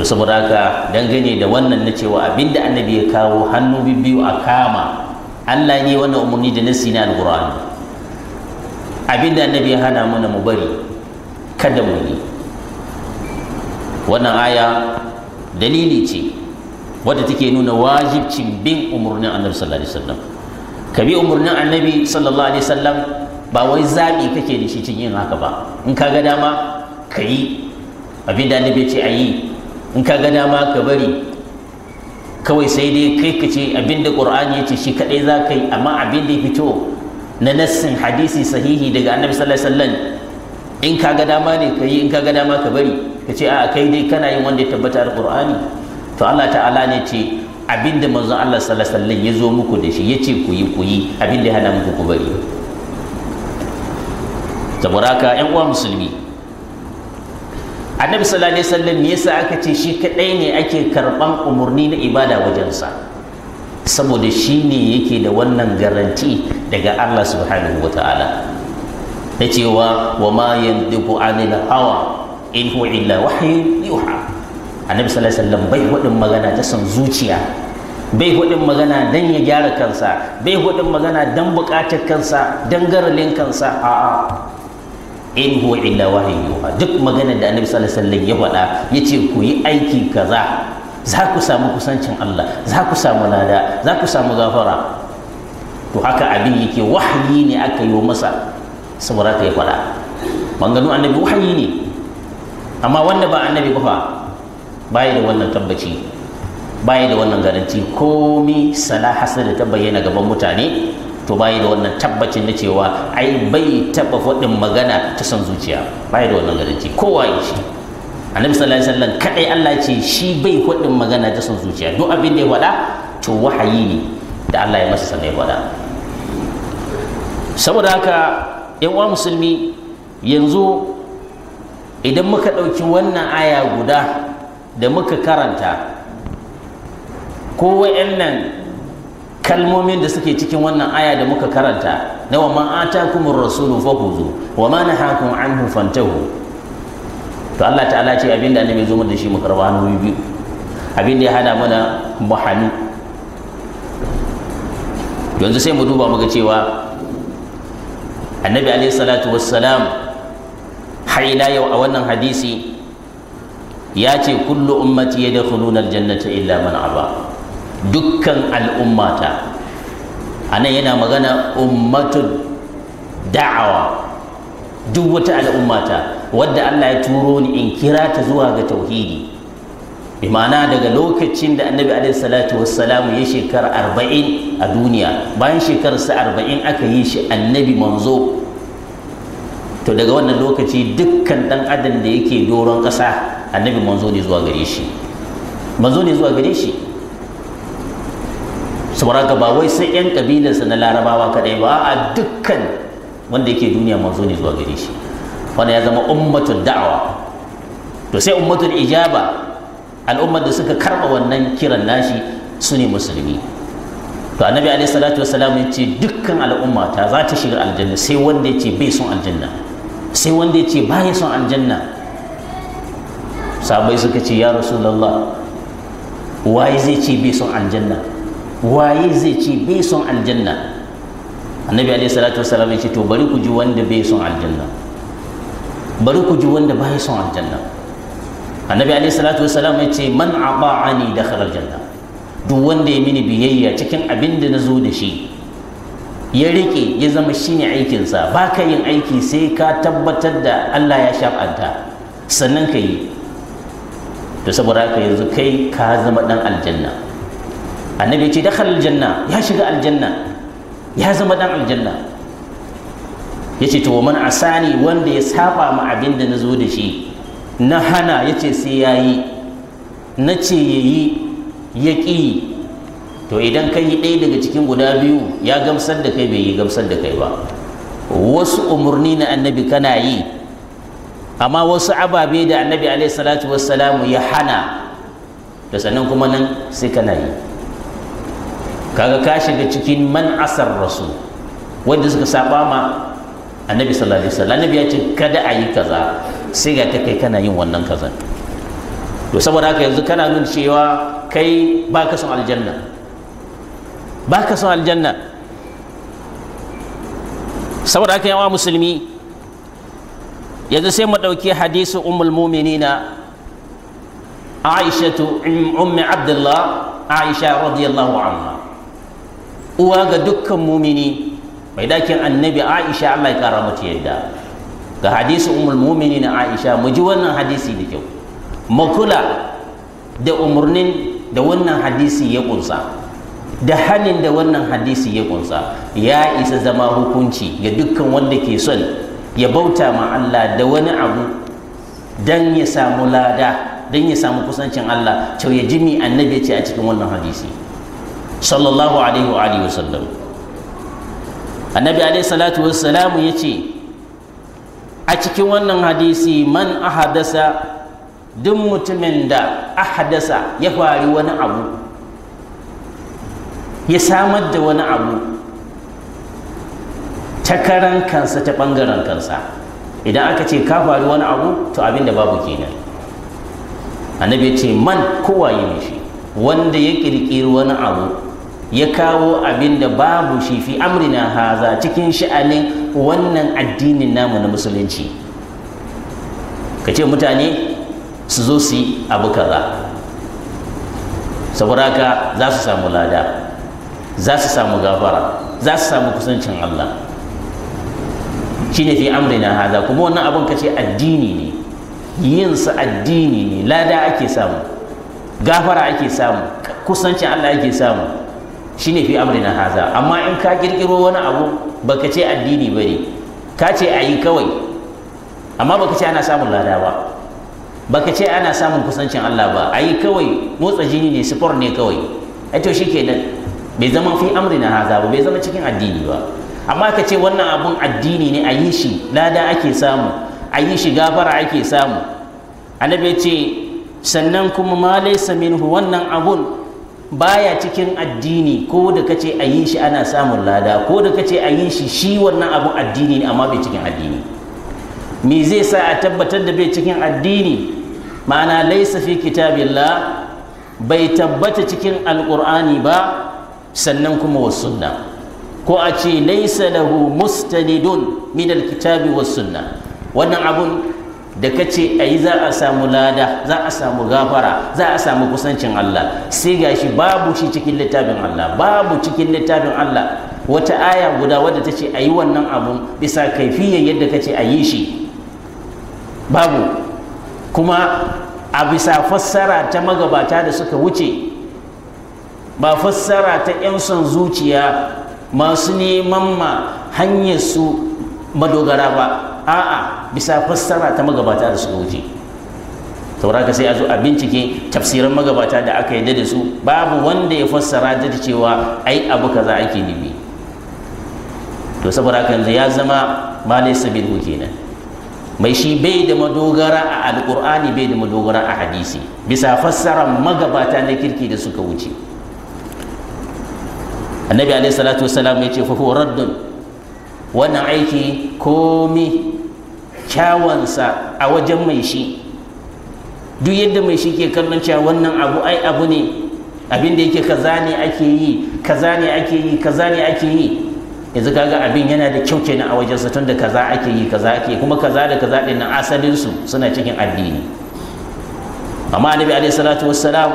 to saboda haka dangane da wannan na cewa abinda annabi ya kawo hannu biyu a kama Allah ne wanda umarni da nasi na alqur'ani abinda annabi ya hana mana mu bari kada mu yi wannan aya dalili ce wadda take nuna wajibcin bin umarnin annabi sallallahu alaihi wasallam ka bi umarnin annabi sallallahu alaihi wasallam ba wai zaɓi kake da shi cin yin haka ba in ka ga dama ka yi Abinda annabi ce a yi in ka ga dama ka bari kawai sai dai kai ka ce abinda qur'ani ya ce shi kadai za ka yi amma abinda ya fito na nassin hadisi sahihi daga annabi sallallahu alaihi wasallam in ka ga dama ne ka yi in ka ga dama ka bari ka ce a kai dai kana yin wanda ya tabbata alqur'ani to Allah ta'ala ne ce abinda manzon Allah sallallahu alaihi wasallam ya zo muku da shi yace ku yi ku yi abinda ya hana muku ku bari saboda haka ƴan uwa musulmi annabi sallallahu alaihi wasallam me yasa aka ce shi kadai ne ake karban umurni na ibada wajensa saboda shi ne yake da wannan garanti daga Allah subhanahu wataala na cewa wa ma yandiku anil hawa in huwa illa wahyu yuha annabi sallallahu alaihi wasallam bai wadin magana ta san zuciya bai hudin magana don ya gyara kansa bai hudin magana don bukatar kansa don garalin kansa a'a in huwa illa wahayi yuha duk maganar da annabi sallallahu alaihi wasallam ya faɗa yace ku yi aiki kaza za ku samu kusancin Allah za ku samu lada za ku samu gafara to haka abin yake wahayi ne aka yi masa saboda ka ya faɗa manganu annabi wahayi ne amma wanda ba annabi ba fa baya da wannan tabbaci baya da wannan garanti komi salaha da ta bayyana gaban mutane to bai da wannan tabbacin na cewa ai bai taba faɗin magana ta son zuciya bai da wannan garanti kowa ya shi annabi sallallahu alaihi wasallam kadai Allah ce shi bai faɗin magana ta son zuciya duk abin da ya faɗa to wahayi ne da Allah ya masa ya faɗa saboda haka yan uwa musulmi yanzu idan muka ɗauki wannan aya guda da muka karanta ko wa'annan kalmomin da suke cikin wannan aya da muka karanta na wa man atakumur rasulu fakhudhu wa ma nahakum an fantahu to Allah ta'ala ce abinda annabi zo da shi mu karba hannu biyu abinda ya hada mana mu yanzu sai mu duba muga cewa annabi alaihi salatu wassalam har ila yau a wannan hadisi ya ce kullu ummati yadkhuluna aljannata illa man aba dukkan al'ummata a nan yana magana ummatun da'awa duk wata al'ummata wadda Allah ya turo ni in kira ta zuwa ga tauhidi bi ma'ana daga lokacin da annabi salatu wassalamu ya shekara arba'in a duniya bayan shekararsa arba'in aka yi shi annabi manzo to daga wannan lokaci dukkan dan adam da yake doron ƙasa annabi manzo ne zuwa gare shi manzo ne zuwa gare shi saboda ga wai sai yan kabilarsa na larabawa kadai ba a dukkan wanda yake duniya zo ne zuwa gare shi wanda ya zama ummatul da'awa to sai ummatul ijaba al'ummar da suka karba wannan kiran nashi su ne musulmi to annabi alaihi salatu wassalam ya ce dukkan al'umma ta za ta shiga aljanna sai wanda ya ce bai son aljanna sai wanda ya ce baya son aljanna sahabbai suka ce ya rasulullah waye zai ce bai son aljanna waye zai ce bai son aljanna annabi alaihi salatu wasallam ya ce to bari ku ji wanda bai son aljanna bari ku ji wanda bai son aljanna annabi alaihi salatu wasallam ya ce man ata'ani dakhala aljanna duk wanda ya mini biyayya cikin abin da na zo da shi ya rike ya zama shine aikinsa ba ka yin aiki sai ka tabbatar da Allah ya shafanta sannan ka yi to saboda haka yanzu kai ka zama dan aljanna annabi ya ce dakhala aljanna ya shiga aljanna ya zama dan aljanna ya ce to man asani wanda ya saba ma abin da na zo da shi na hana ya ce sai ya yi na ce ya yi ya ƙi to idan ka yi ɗaya daga cikin guda biyu ya gamsar da kai bai yi gamsar da kai ba wasu umarni na annabi kana yi amma wasu ababe da annabi alaihi salatu wassalamu ya hana da sannan kuma nan sai kana yi kaga ka shiga cikin man asar rasu wanda suka saba ma annabi sallallahu alaihi wasallam annabi ya ce kada a yi kaza sai ga kai kana yin wannan kaza to saboda haka yanzu kana nuna cewa kai baka son aljanna baka son aljanna saboda haka yawa musulmi yanzu sai mu ɗauki hadisi ummul muminina tu um, ummi abdullah aisha radiyallahu anha uwa ga dukkan mumini mai dakin annabi aisha allah ya kara mata yadda ga hadisi umul mumini na aisha mu ji wannan hadisi da kyau makula da umarnin da wannan hadisi ya kunsa da hannun da wannan hadisi ya kunsa ya isa zama hukunci ga dukkan wanda ke son ya bauta ma allah da wani abu don ya samu lada don ya samu kusancin allah cewa ya jimi annabi ce a cikin wannan hadisi sallallahu alaihi wa alihi wasallam annabi alaihi salatu wassalam ya ce a cikin wannan hadisi man ahadasa duk mutumin da ahadasa ya fari wani abu ya samar da wani abu ta karan kansa ta bangaren kansa idan aka ce ka faru wani abu to abin da babu kenan annabi ya ce man kowaye ne shi wanda ya ƙirƙiri wani abu ya kawo abin da babu shi fi amrina haza cikin sha'anin wannan addinin namu na musulunci ka ce mutane su zo su yi abu kaza saboda haka za su samu lada za su samu gafara za su samu kusancin Allah shine fi amrina haza kuma wannan abin ka ce addini ne yinsa addini ne lada ake samu gafara ake samu kusancin Allah ake samu shine fi na haza amma in ka kirkiro wani abu baka ce addini ne ka ce yi kawai amma baka ce ana samun lada ba baka ce ana samun kusancin Allah ba ayi kawai motsa jini ne sport ne kawai ai to shikenan bai zama fi na haza ba bai zama cikin addini ba amma ka ce wannan abun addini ne a yi shi lada ake samu a yi shi gafara ake samu annabi ce sannan kuma ma laysa minhu wannan abun baya cikin addini ko da kace a yi shi ana samun lada ko da kace a yi shi shi wannan abun addini ne amma bai cikin addini me zai sa a tabbatar da bai cikin addini ma'ana laisa fi kitabillah bai tabbata cikin alqur'ani ba sannan kuma was sunna ko a ce laisa lahu mustanidun min alkitabi was sunna wannan abun da ka ce a yi za a samu lada za a samu gafara za a samu kusancin Allah sai gashi babu shi cikin littafin Allah babu cikin littafin Allah wata aya guda wadda ta ce a yi wannan abun bisa kaifiyar yadda ka ce a yi shi babu kuma a bisa fassara ta magabata da suka wuce ba fassara ta 'yan son zuciya masu neman ma hanyar su madogara ba a'a bisa fassara ta magabata da suka wuce saura ka sai a zo a bincike tafsiran magabata da aka yadda da su babu wanda ya fassara da cewa ai abu kaza ake nufi to saboda haka yanzu ya zama malai sabilu kenan mai shi bai da madogara a alkur'ani bai da madogara a hadisi bisa fassarar magabata na kirki da suka wuce annabi alaihi salatu wasalam ya ce fa huwa raddun wannan aiki komi kyawansa a wajen mai shi duk yadda mai shi ke kallon cewa wannan abu ai abu ne abin da yake kaza ne ake yi kaza ne ake yi kaza ne ake yi yanzu kaga abin yana da kyau kenan a wajen tun da kaza ake yi kaza ake kuma kaza da kaza din nan asalin su suna cikin addini amma annabi alaihi salatu wassalam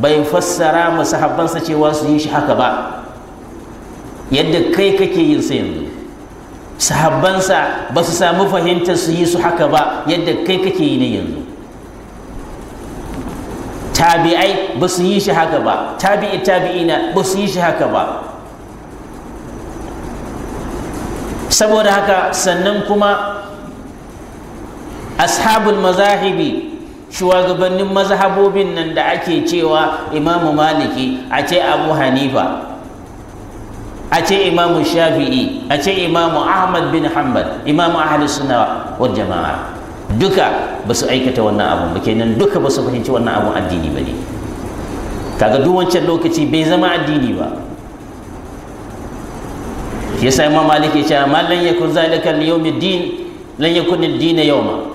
bai fassara masahabbansa cewa su yi shi haka ba yadda kai kake yin sa yanzu sahabbansa ba su samu fahimtar su yi su haka ba yadda kai kake yi ne yanzu tabi'ai ba su yi shi haka ba tabi'i tabi'ina ba su yi shi haka ba saboda haka sannan kuma ashabul mazahibi shugabannin mazhabobin nan da ake cewa imamu maliki a ce abu hanifa a ce imamu shafi'i a ce imamu ahmad bin hanbal imamu ahli suna wal jama'a duka ba su aikata wannan abun ba kenan duka ba su fahimci wannan abun addini ba ne kaga duk wancan lokaci bai zama addini ba yasa imam malik ya ce amma lan yakun zalika liyawmiddin lan yakun ad-din yawma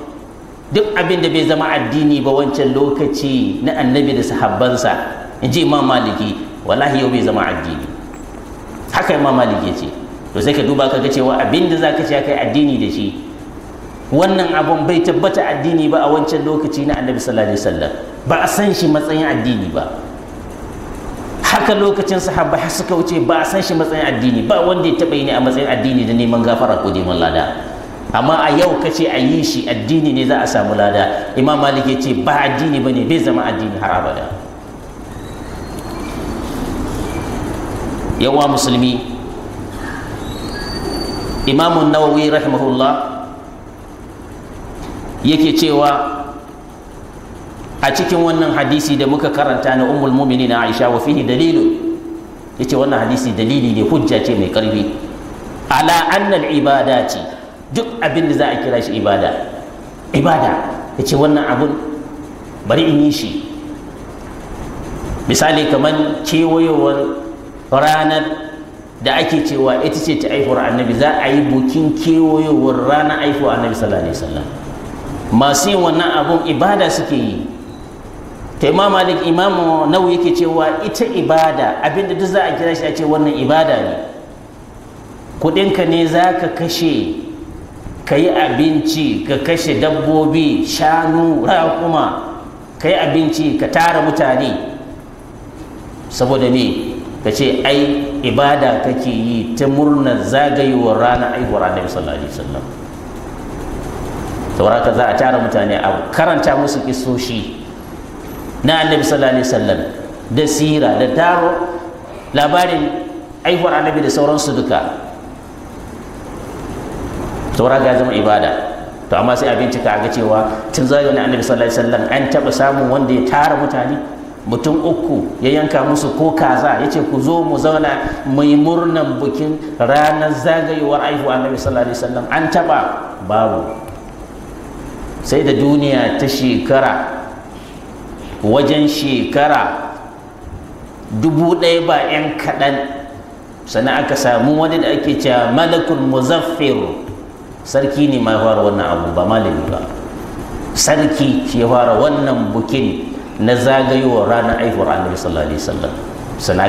duk abin da bai zama addini ba wancan lokaci na annabi da sahabbansa in imam maliki wallahi yau bai zama addini haka imam malik ya ce to sai ka duba ka ga cewa abin da zaka ce kai addini da shi wannan abun bai tabbata addini ba a wancan lokaci na annabi sallallahu alaihi ba a san shi matsayin addini ba haka lokacin sahabba har suka wuce ba a san shi matsayin addini ba wanda ya taba yi ne a matsayin addini da neman gafara ko neman lada amma a yau ka ce a yi shi addini ne za a samu lada imam malik ya ce ba addini ba ne bai zama addini har abada yawa musulmi imamun nawawi rahimahullah yake cewa a cikin wannan hadisi da muka karanta na ummul na aisha wa fihi dalilu ce wannan hadisi dalili ne hujja ce mai karfi ala annal ce. duk abin da za a kira shi ibada ibada yace wannan abun bari in yi shi misali kamar kewayowar ranar da ake cewa ita ce ta aifuwar annabi za a yi bukin kewayowar ranar aifuwar annabi sallallahu alaihi wasallam masu yin wannan abun ibada suke yi ta imam malik imam nawu yake cewa ita ibada abinda duk za a kira shi a ce wannan ibada ne kudinka ne za ka kashe ka yi abinci ka kashe dabbobi shanu raƙuma ka yi abinci ka tara mutane saboda me ka ce ai ibada kake yi ta murnar zagayewar ranar aihuwar annabi sallallahu alaihi wasallam saboda za a tara mutane a karanta musu kisoshi na annabi sallallahu alaihi wasallam da sira da taro labarin aihuwar annabi da sauransu duka saura ga zama ibada to amma sai a bincika a ga cewa tun zai wani annabi sallallahu alaihi wasallam an taɓa samun wanda ya tara mutane mutum uku ya yanka musu ko kaza ya ce ku zo mu zauna mai murnan bukin ranar zagayewar aihu annabi sallallahu alaihi wasallam an taba babu sai da duniya ta shekara wajen shekara dubu ɗaya ba 'yan kaɗan sannan aka samu wani da ake cewa malakul muzaffir sarki ne ma fara wannan abu ba malami ba sarki shi ya fara wannan bukin na zagayowar ranar aihuwar annabi sallallahu alaihi wasallam sana